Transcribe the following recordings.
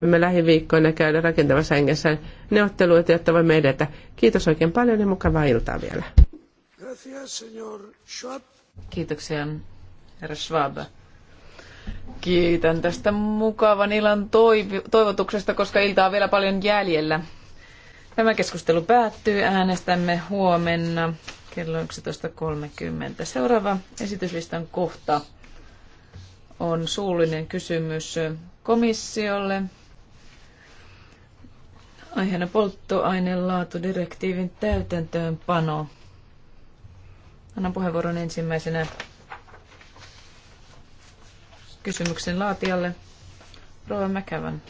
me lähiviikkoina käydä rakentavassa hengessä neuvotteluita, jotta voimme edetä. Kiitos oikein paljon ja mukavaa iltaa vielä. Kiitoksia, herra Schwab. Kiitän tästä mukavan illan toivotuksesta, koska iltaa on vielä paljon jäljellä. Tämä keskustelu päättyy. Äänestämme huomenna kello 11.30. Seuraava esityslistan kohta on suullinen kysymys komissiolle Aiheena polttoainelaatudirektiivin täytäntöönpano. Annan puheenvuoron ensimmäisenä kysymyksen laatijalle. Rova Mäkävän.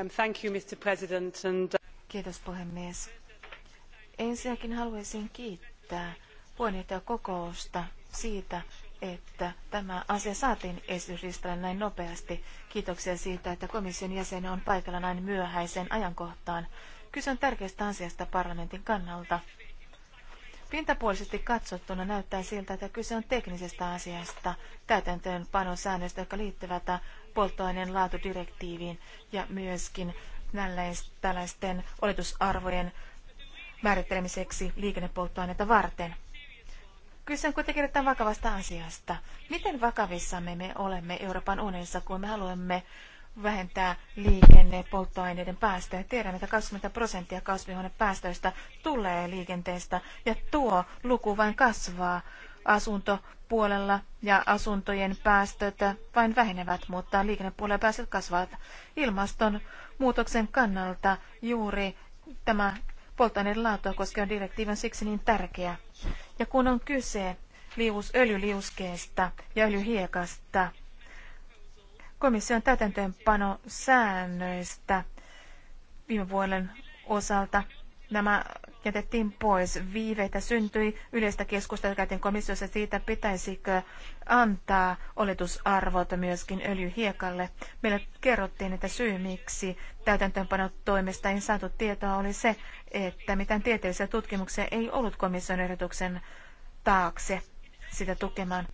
Um, thank you, Mr. President. And... Uh, Kiitos puhemies. Ensinnäkin haluaisin kiittää puheenjohtajakokousta siitä, että tämä asia saatiin esityslistalle näin nopeasti. Kiitoksia siitä, että komission jäsen on paikalla näin myöhäiseen ajankohtaan. Kyse on tärkeästä asiasta parlamentin kannalta. Pintapuolisesti katsottuna näyttää siltä, että kyse on teknisestä asiasta, täytäntöönpanosäännöistä, jotka liittyvät polttoaineen laatudirektiiviin ja myöskin tällaisten oletusarvojen määrittelemiseksi liikennepolttoaineita varten. Kyse on kuitenkin erittäin vakavasta asiasta. Miten vakavissamme me olemme Euroopan unionissa, kun me haluamme vähentää liikenne polttoaineiden päästöjä. Tiedän, että 20 prosenttia kasvihuonepäästöistä tulee liikenteestä ja tuo luku vain kasvaa asuntopuolella ja asuntojen päästöt vain vähenevät, mutta liikennepuolella päästöt kasvavat. Ilmastonmuutoksen kannalta juuri tämä polttoaineiden laatua koskevan on siksi niin tärkeä. Ja kun on kyse liuus, öljyliuskeesta ja öljyhiekasta, komission täytäntöönpano säännöistä viime vuoden osalta nämä jätettiin pois. Viiveitä syntyi yleistä keskustelua käytiin komissiossa siitä, pitäisikö antaa oletusarvot myöskin öljyhiekalle. Meille kerrottiin, että syy miksi toimesta ei saatu tietoa oli se, että mitään tieteellisiä tutkimuksia ei ollut komission ehdotuksen taakse sitä tukemaan.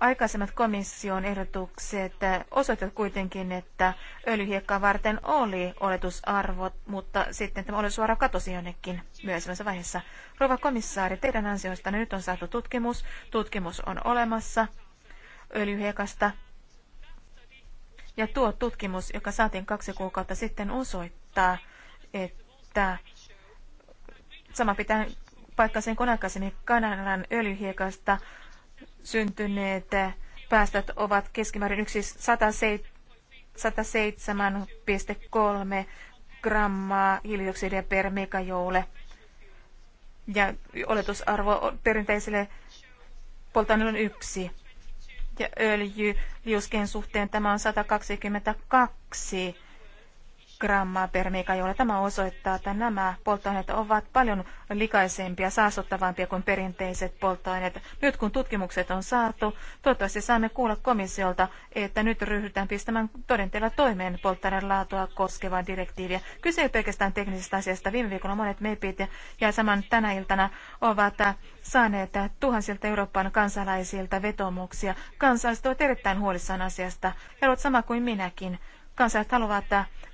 Aikaisemmat komission ehdotukset osoittivat kuitenkin, että öljyhiekkaa varten oli oletusarvot, mutta sitten tämä oletusarvo katosi jonnekin myöhemmässä vaiheessa. Rova komissaari, teidän ansiostanne nyt on saatu tutkimus. Tutkimus on olemassa öljyhiekasta. Ja tuo tutkimus, joka saatiin kaksi kuukautta sitten, osoittaa, että sama pitää paikkaisen kuin aikaisemmin Kanadan öljyhiekasta syntyneet päästöt ovat keskimäärin yksi 107,3 grammaa hiilidioksidia per megajoule. Ja oletusarvo perinteiselle polttoaineelle on yksi. Ja öljy liuskeen suhteen tämä on 122 grammaa per mega, jolla tämä osoittaa, että nämä polttoaineet ovat paljon likaisempia, saastuttavampia kuin perinteiset polttoaineet. Nyt kun tutkimukset on saatu, toivottavasti saamme kuulla komissiolta, että nyt ryhdytään pistämään todenteella toimeen polttoaineen laatua koskevaa direktiiviä. Kyse ei pelkästään teknisestä asiasta. Viime viikolla monet mepit ja saman tänä iltana ovat saaneet tuhansilta Euroopan kansalaisilta vetomuksia. Kansalaiset ovat erittäin huolissaan asiasta ja ovat sama kuin minäkin. Kansalaiset haluavat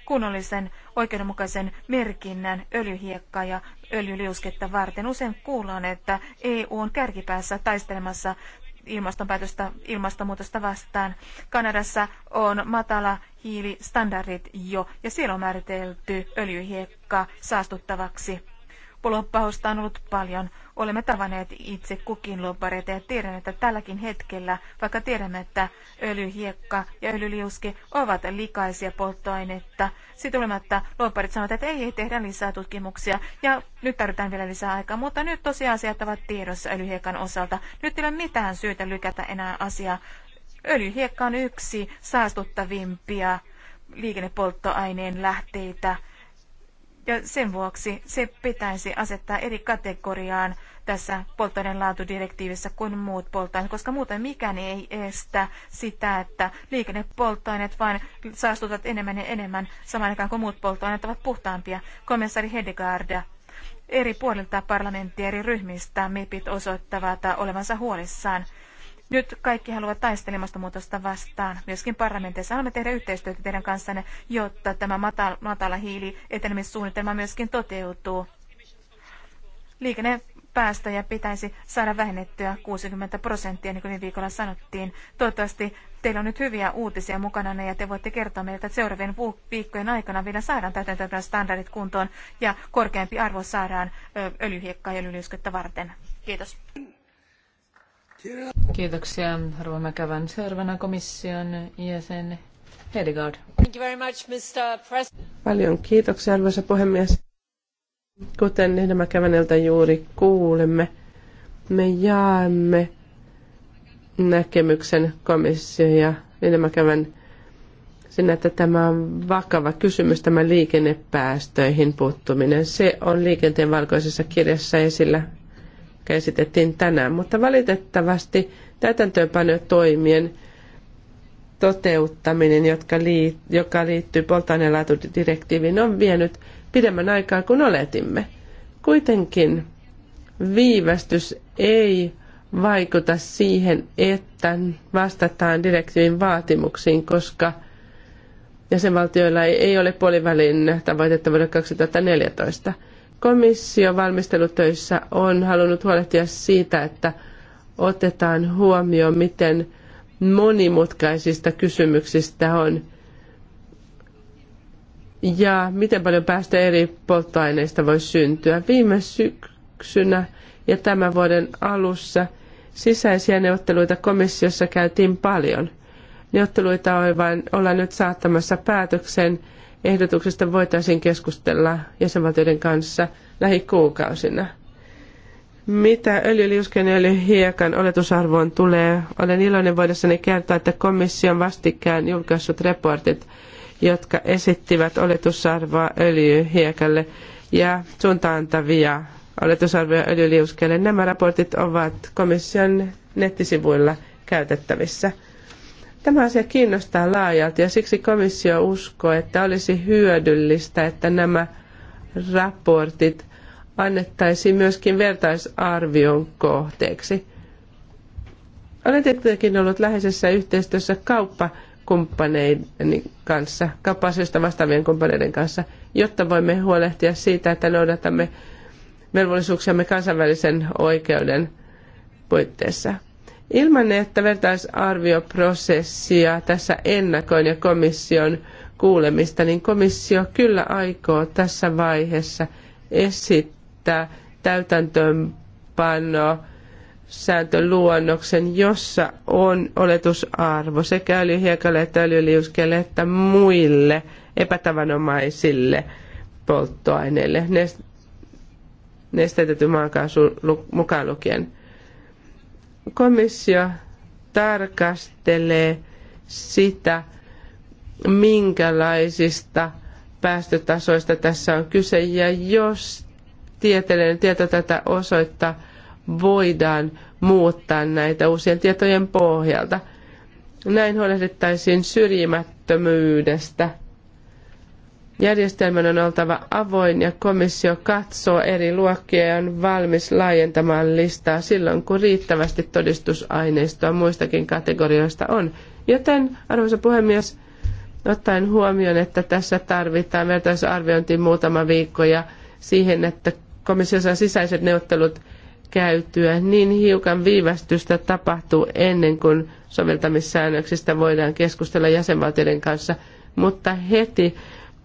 kunnollisen oikeudenmukaisen merkinnän öljyhiekkaa ja öljyliusketta varten. Usein kuullaan, että EU on kärkipäässä taistelemassa ilmastonpäätöstä, ilmastonmuutosta vastaan. Kanadassa on matala hiilistandardit jo, ja siellä on määritelty öljyhiekka saastuttavaksi lobbausta on ollut paljon. Olemme tavanneet itse kukin lobbareita ja tiedän, että tälläkin hetkellä, vaikka tiedämme, että öljyhiekka ja öljyliuske ovat likaisia polttoainetta, sitten olematta lobbarit sanovat, että ei, ei tehdä lisää tutkimuksia ja nyt tarvitaan vielä lisää aikaa, mutta nyt tosiasiat ovat tiedossa öljyhiekan osalta. Nyt ei ole mitään syytä lykätä enää asiaa. Öljyhiekka on yksi saastuttavimpia liikennepolttoaineen lähteitä ja sen vuoksi se pitäisi asettaa eri kategoriaan tässä polttoaineen laatudirektiivissä kuin muut polttoaineet, koska muuten mikään ei estä sitä, että liikennepolttoaineet vain saastutat enemmän ja enemmän samaan aikaan kuin muut polttoaineet ovat puhtaampia. Komissaari Hedegaard eri puolilta parlamenttia eri ryhmistä MIPit osoittavat olevansa huolissaan nyt kaikki haluavat taistella ilmastonmuutosta vastaan. Myöskin parlamentissa haluamme tehdä yhteistyötä teidän kanssanne, jotta tämä matala, matala hiili etenemissuunnitelma myöskin toteutuu. Liikenne päästöjä pitäisi saada vähennettyä 60 prosenttia, niin kuin viime viikolla sanottiin. Toivottavasti teillä on nyt hyviä uutisia mukana ja te voitte kertoa meille, että seuraavien viikkojen aikana vielä saadaan täytäntöön standardit kuntoon ja korkeampi arvo saadaan öljyhiekkaa ja öljyliuskettä varten. Kiitos. Kiitoksia, Arvo Mäkävän. Seuraavana komission jäsen Hedegaard. Thank you very much, Mr. President. Paljon kiitoksia, arvoisa puhemies. Kuten Linda Mäkäväneltä juuri kuulemme, me jaamme näkemyksen komissio ja Linda Mäkävän sen, että tämä on vakava kysymys, tämä liikennepäästöihin puuttuminen. Se on liikenteen valkoisessa kirjassa esillä joka esitettiin tänään, mutta valitettavasti täytäntöönpanotoimien toteuttaminen, jotka lii, joka liittyy polttoainelaatudirektiiviin, on vienyt pidemmän aikaa kuin oletimme. Kuitenkin viivästys ei vaikuta siihen, että vastataan direktiivin vaatimuksiin, koska jäsenvaltioilla ei ole puolivälin tavoitetta vuodelle 2014. Komissio valmistelutöissä on halunnut huolehtia siitä, että otetaan huomioon, miten monimutkaisista kysymyksistä on ja miten paljon päästöjä eri polttoaineista voi syntyä. Viime syksynä ja tämän vuoden alussa sisäisiä neuvotteluita komissiossa käytiin paljon. Neuvotteluita ollaan nyt saattamassa päätökseen ehdotuksesta voitaisiin keskustella jäsenvaltioiden kanssa lähikuukausina. Mitä öljyliuskeen ja öljyhiekan oletusarvoon tulee, olen iloinen voidessani kertoa, että komission vastikään julkaissut raportit, jotka esittivät oletusarvoa öljyhiekalle ja suuntaantavia oletusarvoja öljyliuskeelle, nämä raportit ovat komission nettisivuilla käytettävissä – Tämä asia kiinnostaa laajalti ja siksi komissio uskoo, että olisi hyödyllistä, että nämä raportit annettaisiin myöskin vertaisarvion kohteeksi. Olen tietenkin ollut läheisessä yhteistyössä kauppakumppaneiden kanssa, kauppa-asioista vastaavien kumppaneiden kanssa, jotta voimme huolehtia siitä, että noudatamme velvollisuuksiamme kansainvälisen oikeuden puitteissa. Ilman, että vertaisarvioprosessia tässä ennakoin ja komission kuulemista, niin komissio kyllä aikoo tässä vaiheessa esittää täytäntöönpano sääntöluonnoksen, jossa on oletusarvo sekä öljyhiekalle että öljyliuskelle että muille epätavanomaisille polttoaineille, nestetetty maakaasu mukaan lukien komissio tarkastelee sitä, minkälaisista päästötasoista tässä on kyse. Ja jos tieteellinen tieto tätä osoittaa, voidaan muuttaa näitä uusien tietojen pohjalta. Näin huolehdittaisiin syrjimättömyydestä – Järjestelmän on oltava avoin ja komissio katsoo eri luokkia ja on valmis laajentamaan listaa silloin, kun riittävästi todistusaineistoa muistakin kategorioista on. Joten, arvoisa puhemies, ottaen huomioon, että tässä tarvitaan vertaisarviointiin muutama viikko ja siihen, että komissio saa sisäiset neuvottelut käytyä, niin hiukan viivästystä tapahtuu ennen kuin soveltamissäännöksistä voidaan keskustella jäsenvaltioiden kanssa, mutta heti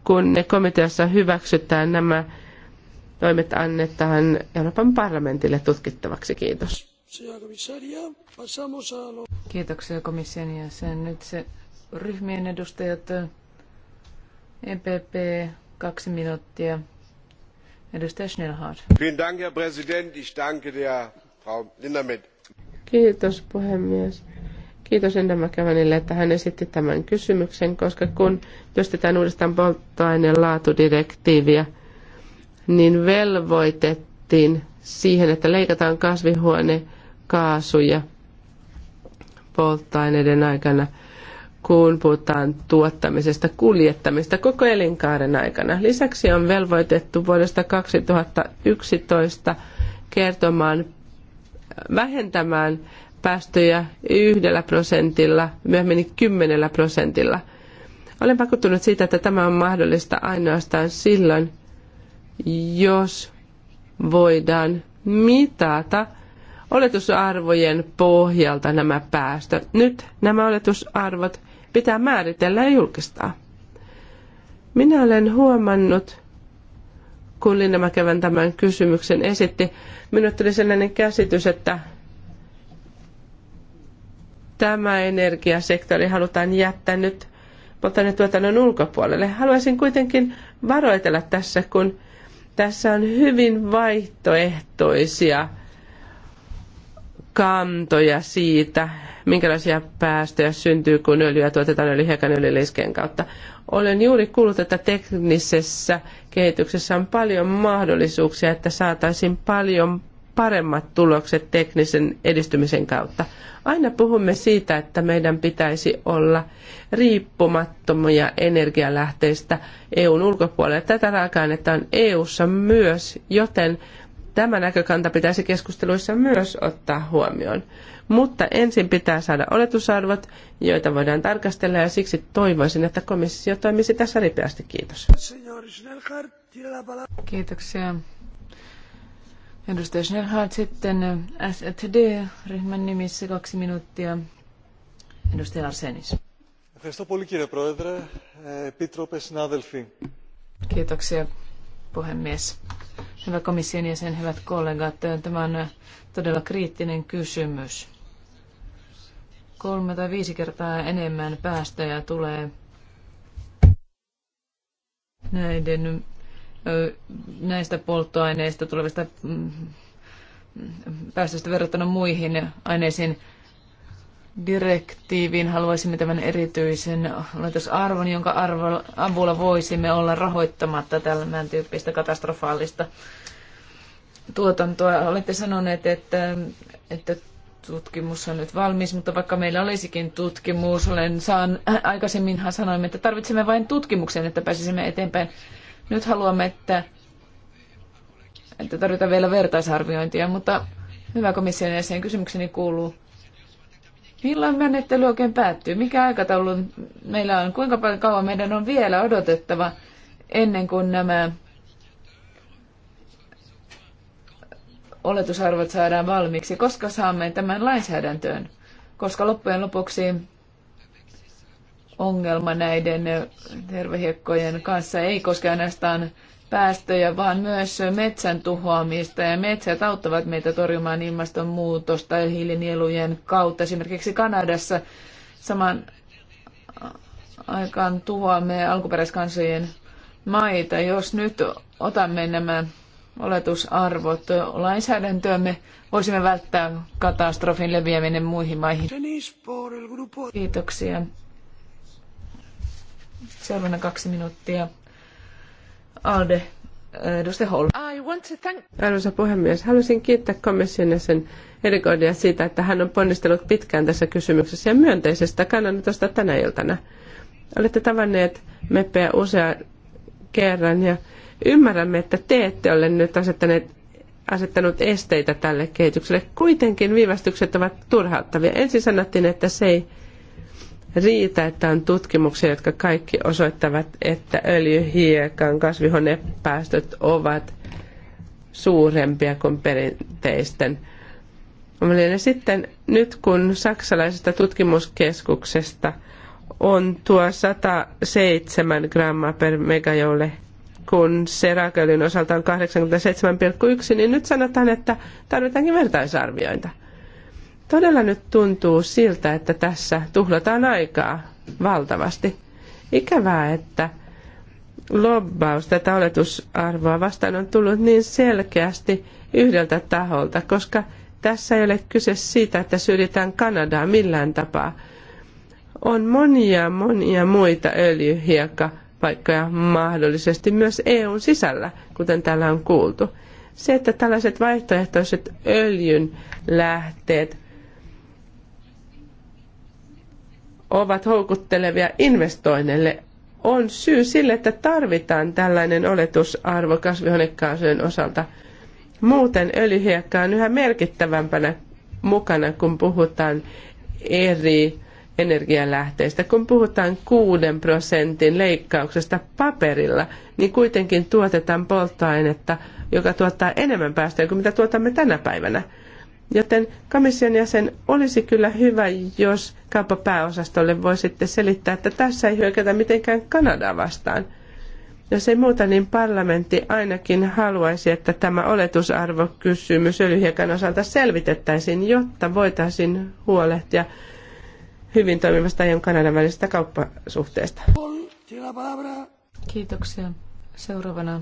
kun ne komiteassa hyväksytään nämä toimet annetaan Euroopan parlamentille tutkittavaksi. Kiitos. Kiitoksia komission jäsen. Nyt se ryhmien edustajat, EPP, kaksi minuuttia. Edustaja Schnellhardt. Kiitos puhemies. Kiitos Endamäkävänille, että hän esitti tämän kysymyksen, koska kun työstetään uudestaan polttoaineen laatudirektiiviä, niin velvoitettiin siihen, että leikataan kasvihuonekaasuja polttoaineiden aikana, kun puhutaan tuottamisesta, kuljettamista koko elinkaaren aikana. Lisäksi on velvoitettu vuodesta 2011 kertomaan, vähentämään päästöjä yhdellä prosentilla, myöhemmin kymmenellä prosentilla. Olen vakuuttunut siitä, että tämä on mahdollista ainoastaan silloin, jos voidaan mitata oletusarvojen pohjalta nämä päästöt. Nyt nämä oletusarvot pitää määritellä ja julkistaa. Minä olen huomannut, kun Linnamäkevän tämän kysymyksen esitti, minulle tuli sellainen käsitys, että tämä energiasektori halutaan jättää nyt polttoainetuotannon ulkopuolelle. Haluaisin kuitenkin varoitella tässä, kun tässä on hyvin vaihtoehtoisia kantoja siitä, minkälaisia päästöjä syntyy, kun öljyä tuotetaan öljyhiekan öljyliskeen kautta. Olen juuri kuullut, että teknisessä kehityksessä on paljon mahdollisuuksia, että saataisiin paljon paremmat tulokset teknisen edistymisen kautta. Aina puhumme siitä, että meidän pitäisi olla riippumattomia energialähteistä EUn ulkopuolella. Tätä raaka-ainetta on EUssa myös, joten tämä näkökanta pitäisi keskusteluissa myös ottaa huomioon. Mutta ensin pitää saada oletusarvot, joita voidaan tarkastella ja siksi toivoisin, että komissio toimisi tässä ripeästi. Kiitos. Kiitoksia. Edustaja Schnellhardt sitten SED-ryhmän nimissä kaksi minuuttia. Edustaja Arsenis. Kiitoksia puhemies. Hyvä komission jäsen, hyvät kollegat, tämä on todella kriittinen kysymys. Kolme tai viisi kertaa enemmän päästöjä tulee näiden näistä polttoaineista tulevista mm, päästöistä verrattuna muihin aineisiin direktiiviin haluaisimme tämän erityisen oletusarvon, jonka arvo, avulla voisimme olla rahoittamatta tämän tyyppistä katastrofaalista tuotantoa. Olette sanoneet, että, että tutkimus on nyt valmis, mutta vaikka meillä olisikin tutkimus, olen saan, aikaisemminhan sanoimme, että tarvitsemme vain tutkimuksen, että pääsisimme eteenpäin. Nyt haluamme, että, että tarvitaan vielä vertaisarviointia, mutta hyvä komission jäsen, kysymykseni kuuluu, milloin menettely oikein päättyy? Mikä aikataulu meillä on? Kuinka paljon kauan meidän on vielä odotettava ennen kuin nämä oletusarvot saadaan valmiiksi? Koska saamme tämän lainsäädäntöön? Koska loppujen lopuksi ongelma näiden tervehiekkojen kanssa ei koske ainoastaan päästöjä, vaan myös metsän tuhoamista. Ja metsät auttavat meitä torjumaan ilmastonmuutosta ja hiilinielujen kautta. Esimerkiksi Kanadassa saman aikaan tuhoamme alkuperäiskansojen maita. Jos nyt otamme nämä oletusarvot lainsäädäntöömme, voisimme välttää katastrofin leviäminen muihin maihin. Kiitoksia. Seuraavana kaksi minuuttia. Alde, äh, edustaja Holm. Thank... Arvoisa puhemies, haluaisin kiittää komission sen erikoidia siitä, että hän on ponnistellut pitkään tässä kysymyksessä ja myönteisestä kannanotosta tänä iltana. Olette tavanneet meppejä usea kerran ja ymmärrämme, että te ette ole nyt asettaneet asettanut esteitä tälle kehitykselle. Kuitenkin viivästykset ovat turhauttavia. Ensin sanottiin, että se ei riitä, että on tutkimuksia, jotka kaikki osoittavat, että öljyhiekan kasvihuonepäästöt ovat suurempia kuin perinteisten. Ja sitten nyt kun saksalaisesta tutkimuskeskuksesta on tuo 107 grammaa per megajoule, kun se raakaöljyn osalta on 87,1, niin nyt sanotaan, että tarvitaankin vertaisarviointa. Todella nyt tuntuu siltä, että tässä tuhlataan aikaa valtavasti. Ikävää, että lobbaus tätä oletusarvoa vastaan on tullut niin selkeästi yhdeltä taholta, koska tässä ei ole kyse siitä, että syrjitään Kanadaa millään tapaa. On monia, monia muita öljyhiekkapaikkoja mahdollisesti myös EUn sisällä, kuten täällä on kuultu. Se, että tällaiset vaihtoehtoiset öljyn lähteet ovat houkuttelevia investoinneille, on syy sille, että tarvitaan tällainen oletusarvo kasvihuonekaasujen osalta. Muuten öljyhiekka on yhä merkittävämpänä mukana, kun puhutaan eri energialähteistä. Kun puhutaan kuuden prosentin leikkauksesta paperilla, niin kuitenkin tuotetaan polttoainetta, joka tuottaa enemmän päästöjä kuin mitä tuotamme tänä päivänä. Joten komission jäsen olisi kyllä hyvä, jos kauppapääosastolle voisitte selittää, että tässä ei hyökätä mitenkään Kanadaa vastaan. Jos ei muuta, niin parlamentti ainakin haluaisi, että tämä oletusarvokysymys öljyhiekan osalta selvitettäisiin, jotta voitaisiin huolehtia hyvin toimivasta EUn Kanadan välisestä kauppasuhteesta. Kiitoksia. Seuraavana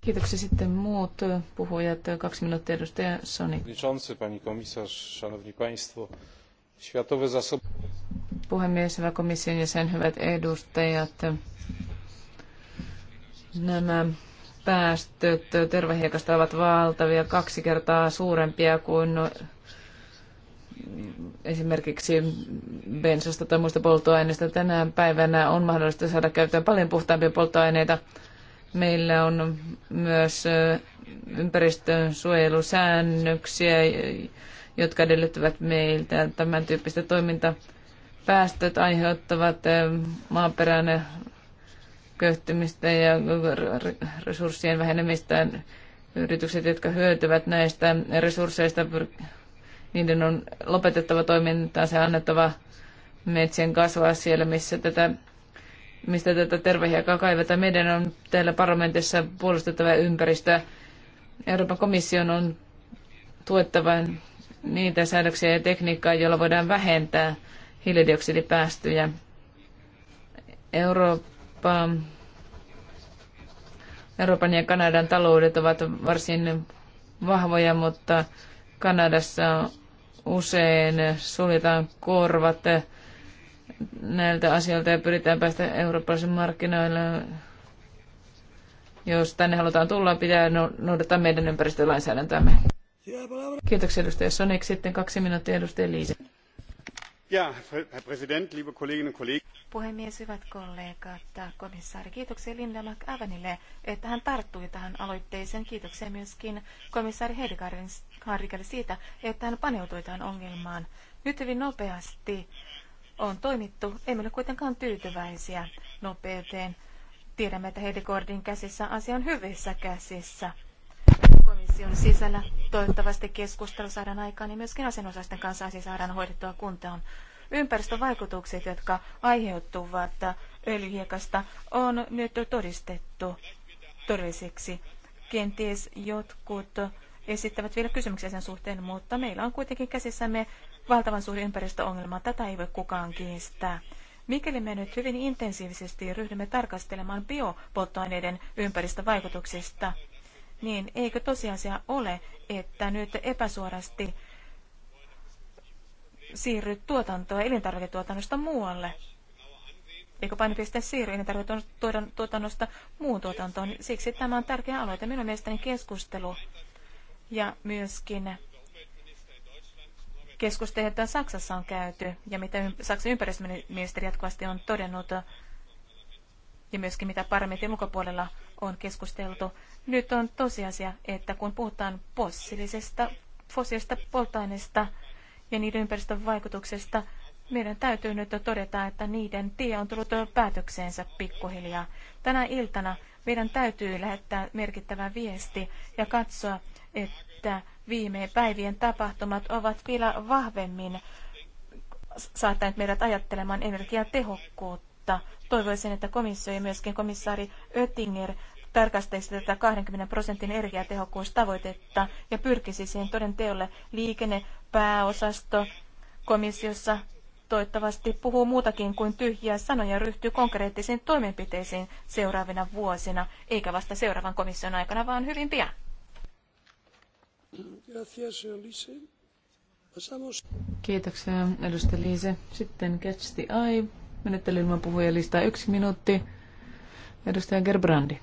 Kiitoksia sitten muut puhujat. Kaksi minuuttia edustaja Soni. Pani komisarz, szanowni państwo. Światowe zasoby... Puhemies, hyvä komission jäsen, hyvät edustajat. Nämä päästöt tervehiekasta ovat valtavia, kaksi kertaa suurempia kuin esimerkiksi bensasta tai muista polttoaineista. Tänä päivänä on mahdollista saada käyttöön paljon puhtaampia polttoaineita. Meillä on myös ympäristön suojelusäännöksiä, jotka edellyttävät meiltä tämän tyyppistä toimintaa. Päästöt aiheuttavat maaperän köyhtymistä ja resurssien vähenemistä. Yritykset, jotka hyötyvät näistä resursseista, niiden on lopetettava toimintaa, ja annettava metsien kasvaa siellä, missä tätä, mistä tätä tervehiakaa kaivetaan. Meidän on täällä parlamentissa puolustettava ympäristöä. Euroopan komission on tuettava niitä säädöksiä ja tekniikkaa, joilla voidaan vähentää hiilidioksidipäästöjä. Eurooppa, Euroopan ja Kanadan taloudet ovat varsin vahvoja, mutta Kanadassa usein suljetaan korvat näiltä asioilta ja pyritään päästä eurooppalaisen markkinoille. Jos tänne halutaan tulla, pitää no- noudattaa meidän ympäristölainsäädäntöämme. Kiitoksia edustaja Sonic. Sitten kaksi minuuttia edustaja Liise. Puhemies, hyvät kollegat, komissaari, kiitoksia Linda McAvenille, että hän tarttui tähän aloitteeseen. Kiitoksia myöskin komissaari Hedegaardille siitä, että hän paneutui tähän ongelmaan. Nyt hyvin nopeasti on toimittu. Emme ole kuitenkaan tyytyväisiä nopeuteen. Tiedämme, että Hedegaardin käsissä asia on hyvissä käsissä komission sisällä Toivottavasti keskustelu saadaan aikaan, niin myöskin asianosaisten kanssa asia saadaan hoidettua kuntoon. Ympäristövaikutukset, jotka aiheutuvat öljyhiekasta, on nyt todistettu todelliseksi. Kenties jotkut esittävät vielä kysymyksiä sen suhteen, mutta meillä on kuitenkin käsissämme valtavan suuri ympäristöongelma. Tätä ei voi kukaan kiistää. Mikäli me nyt hyvin intensiivisesti ryhdymme tarkastelemaan biopolttoaineiden ympäristövaikutuksista, niin eikö tosiasia ole, että nyt epäsuorasti siirry tuotantoa elintarviketuotannosta muualle? Eikö painopiste siirry elintarviketuotannosta muun tuotantoon? Siksi tämä on tärkeä aloite. Minun mielestäni keskustelu ja myöskin keskustelut, joita Saksassa on käyty ja mitä Saksan ympäristöministeri jatkuvasti on todennut, ja myöskin mitä parlamentin ulkopuolella on keskusteltu. Nyt on tosiasia, että kun puhutaan fossiilisesta, fossiilisesta polttoaineista ja niiden ympäristön vaikutuksesta, meidän täytyy nyt todeta, että niiden tie on tullut päätökseensä pikkuhiljaa. Tänä iltana meidän täytyy lähettää merkittävä viesti ja katsoa, että viime päivien tapahtumat ovat vielä vahvemmin saattaneet meidät ajattelemaan energiatehokkuutta mutta toivoisin, että komissio ja myöskin komissaari Oettinger tarkastaisi tätä 20 prosentin energiatehokkuustavoitetta ja pyrkisi siihen toden teolle liikennepääosasto komissiossa toivottavasti puhuu muutakin kuin tyhjiä sanoja ja ryhtyy konkreettisiin toimenpiteisiin seuraavina vuosina, eikä vasta seuraavan komission aikana, vaan hyvin pian. Kiitoksia, edustaja Liise. Sitten Catch the Eye Menettely ilman puhujalistaa yksi minuutti. Edustaja Gerbrandi.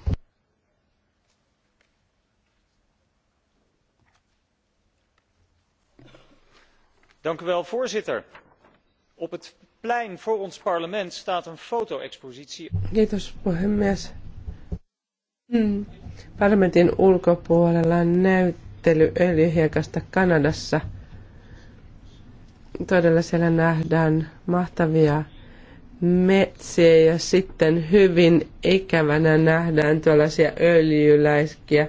Dank u wel, voorzitter op het plein voor ons parlement staat een foto expositie. Kiitos, puhemies. Hmm. Parlamentin ulkopuolella on näyttely öljyhiekasta Kanadassa. Todella siellä nähdään mahtavia metsiä ja sitten hyvin ikävänä nähdään tuollaisia öljyläiskiä.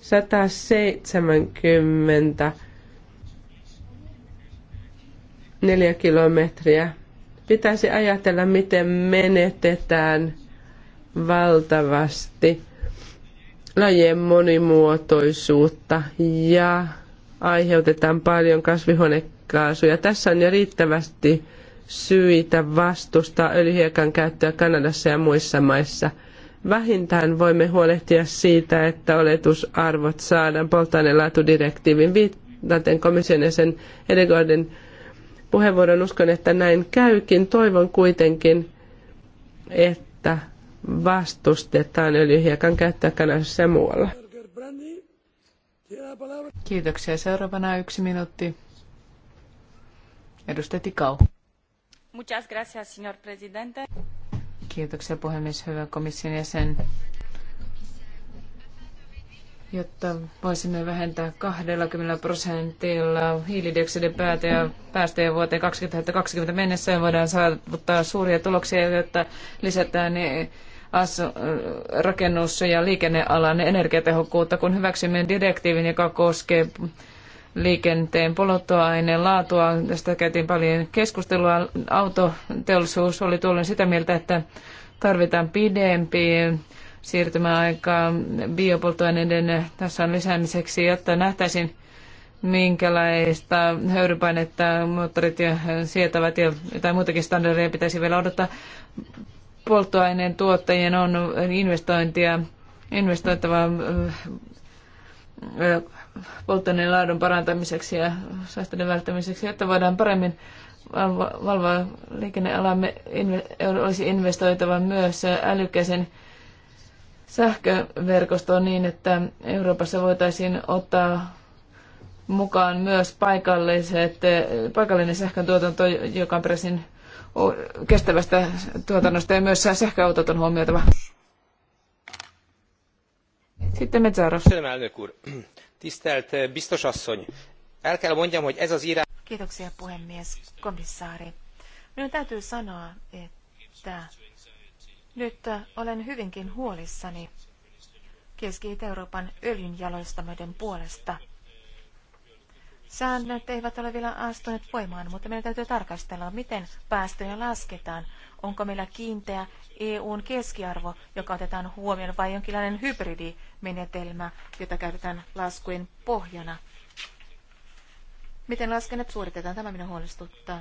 170 4 kilometriä. Pitäisi ajatella, miten menetetään valtavasti lajien monimuotoisuutta ja aiheutetaan paljon kasvihuonekaasuja. Tässä on jo riittävästi syitä vastustaa öljyhiekan käyttöä Kanadassa ja muissa maissa. Vähintään voimme huolehtia siitä, että oletusarvot saadaan polttoainelaatudirektiivin viitaten komission ja sen Edegordin puheenvuoron. Uskon, että näin käykin. Toivon kuitenkin, että vastustetaan öljyhiekan käyttöä Kanadassa ja muualla. Kiitoksia. Seuraavana yksi minuutti. Edustaja Tikau. Muchas gracias, señor presidente. Kiitoksia puhemies, hyvä komission jäsen. Jotta voisimme vähentää 20 prosentilla hiilidioksidipäästöjä päästöjä vuoteen 2020 mennessä, voidaan saavuttaa suuria tuloksia, jotta lisätään asu, rakennus- ja liikennealan energiatehokkuutta, kun hyväksymme direktiivin, joka koskee liikenteen polttoaineen laatua. Tästä käytiin paljon keskustelua. Autoteollisuus oli tuolloin sitä mieltä, että tarvitaan pidempi siirtymäaika biopolttoaineiden tasan lisäämiseksi, jotta nähtäisiin minkälaista höyrypainetta moottorit ja sietävät ja jotain muutakin standardeja pitäisi vielä odottaa. Polttoaineen tuottajien on investointia, investoitava polttoaineen laadun parantamiseksi ja säästöiden välttämiseksi, jotta voidaan paremmin valvoa liikennealamme, olisi investoitava myös älykkäisen sähköverkostoon niin, että Euroopassa voitaisiin ottaa mukaan myös paikalliset, paikallinen tuotanto, joka on peräisin kestävästä tuotannosta ja myös sähköautot on huomioitava. Sitten Metsäros. Tisztelt eh, biztos asszony, el kell mondjam, hogy ez az irány... Kiitoksia puhemies, komissaari. Minun täytyy sanoa, että nyt eh, olen hyvinkin huolissani Keski-Euroopan öljynjalostamoiden puolesta – Säännöt eivät ole vielä astuneet voimaan, mutta meidän täytyy tarkastella, miten päästöjä lasketaan. Onko meillä kiinteä EUn keskiarvo, joka otetaan huomioon, vai jonkinlainen hybridimenetelmä, jota käytetään laskujen pohjana? Miten laskennat suoritetaan? Tämä minua huolestuttaa.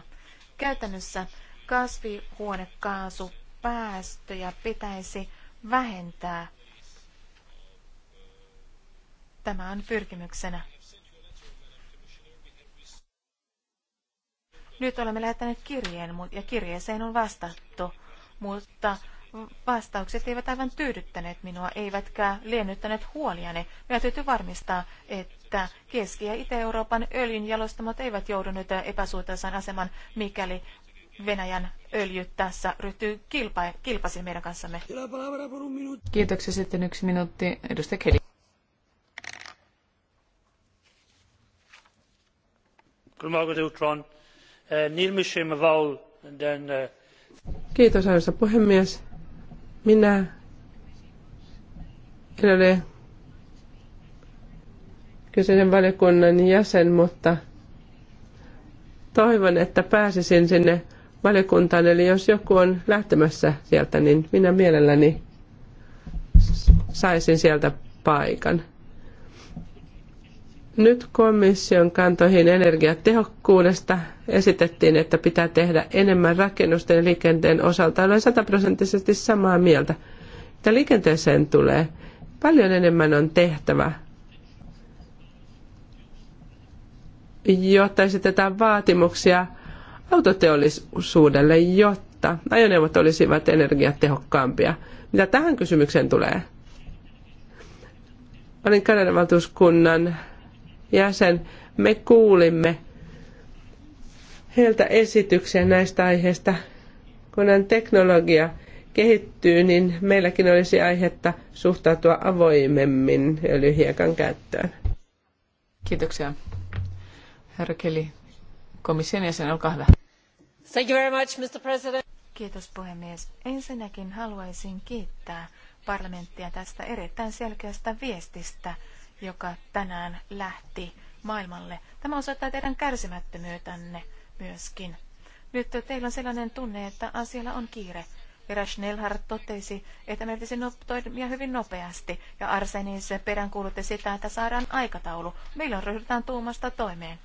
Käytännössä kasvihuonekaasupäästöjä pitäisi vähentää. Tämä on pyrkimyksenä. Nyt olemme lähettäneet kirjeen ja kirjeeseen on vastattu, mutta vastaukset eivät aivan tyydyttäneet minua, eivätkä liennyttäneet huoliani. Minä täytyy varmistaa, että Keski- ja Itä-Euroopan öljynjalostamot eivät joudu nyt epäsuotaisaan aseman, mikäli Venäjän öljy tässä ryhtyy kilpa, kilpasi meidän kanssamme. Kiitoksia sitten yksi minuutti. Edustaja Kedi. Good Eh, eh, Kiitos arvoisa puhemies. Minä en ole kyseisen valiokunnan jäsen, mutta toivon, että pääsisin sinne valiokuntaan. Eli jos joku on lähtemässä sieltä, niin minä mielelläni saisin sieltä paikan. Nyt komission kantoihin energiatehokkuudesta esitettiin, että pitää tehdä enemmän rakennusten ja liikenteen osalta. Olen sataprosenttisesti samaa mieltä. että liikenteeseen tulee, paljon enemmän on tehtävä, jotta esitetään vaatimuksia autoteollisuudelle, jotta ajoneuvot olisivat energiatehokkaampia. Mitä tähän kysymykseen tulee? Olin Kanadan valtuuskunnan jäsen, me kuulimme heiltä esityksiä näistä aiheista. Kun teknologia kehittyy, niin meilläkin olisi aihetta suhtautua avoimemmin öljyhiekan käyttöön. Kiitoksia. Herra Keli, komission jäsen, olkaa hyvä. Thank you very much, Mr. President. Kiitos puhemies. Ensinnäkin haluaisin kiittää parlamenttia tästä erittäin selkeästä viestistä, joka tänään lähti maailmalle. Tämä osoittaa teidän kärsimättömyytänne myöskin. Nyt teillä on sellainen tunne, että asialla on kiire. Vera Schnellhardt totesi, että meidän pitäisi toimia hyvin nopeasti, ja Arsenis peräänkuulutti sitä, että saadaan aikataulu. Meillä ryhdytään tuumasta toimeen.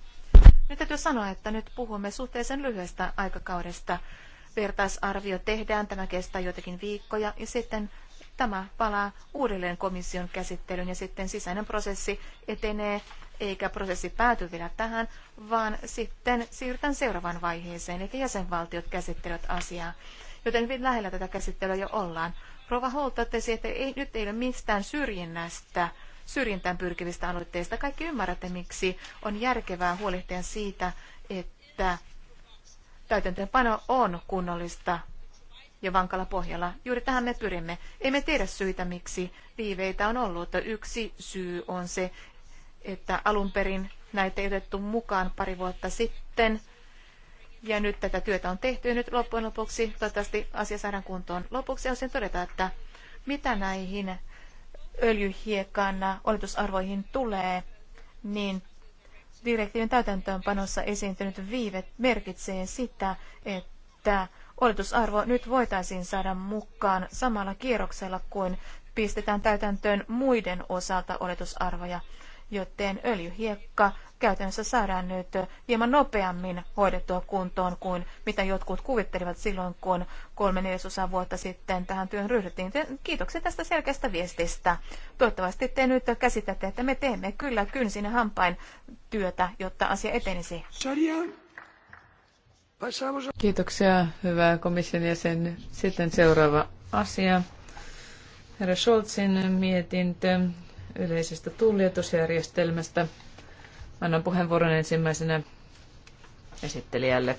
Nyt täytyy sanoa, että nyt puhumme suhteellisen lyhyestä aikakaudesta. Vertaisarvio tehdään, tämä kestää joitakin viikkoja, ja sitten Tämä palaa uudelleen komission käsittelyyn ja sitten sisäinen prosessi etenee, eikä prosessi pääty vielä tähän, vaan sitten siirrytään seuraavaan vaiheeseen, eli jäsenvaltiot käsittelevät asiaa. Joten hyvin lähellä tätä käsittelyä jo ollaan. Rova Holt totesi, että ei, nyt ei ole mistään syrjinnästä syrjintään pyrkivistä aloitteista. Kaikki ymmärrätte, miksi on järkevää huolehtia siitä, että täytäntöönpano on kunnollista ja vankalla pohjalla. Juuri tähän me pyrimme. Emme tiedä syitä, miksi viiveitä on ollut. Yksi syy on se, että alun perin näitä ei otettu mukaan pari vuotta sitten. Ja nyt tätä työtä on tehty nyt loppujen lopuksi toivottavasti asia saadaan kuntoon. Lopuksi haluaisin todeta, että mitä näihin öljyhiekan oletusarvoihin tulee, niin direktiivin täytäntöönpanossa esiintynyt viive merkitsee sitä, että Oletusarvo nyt voitaisiin saada mukaan samalla kierroksella kuin pistetään täytäntöön muiden osalta oletusarvoja, joten öljyhiekka käytännössä saadaan nyt hieman nopeammin hoidettua kuntoon kuin mitä jotkut kuvittelivat silloin, kun kolme neljäsosaa vuotta sitten tähän työhön ryhdyttiin. Kiitoksia tästä selkeästä viestistä. Toivottavasti te nyt käsitätte, että me teemme kyllä kynsin ja hampain työtä, jotta asia etenisi. Sarja. Kiitoksia, hyvä komission jäsen. Sitten seuraava asia. Herra Scholzin mietintö yleisestä tullietusjärjestelmästä. Annan puheenvuoron ensimmäisenä esittelijälle.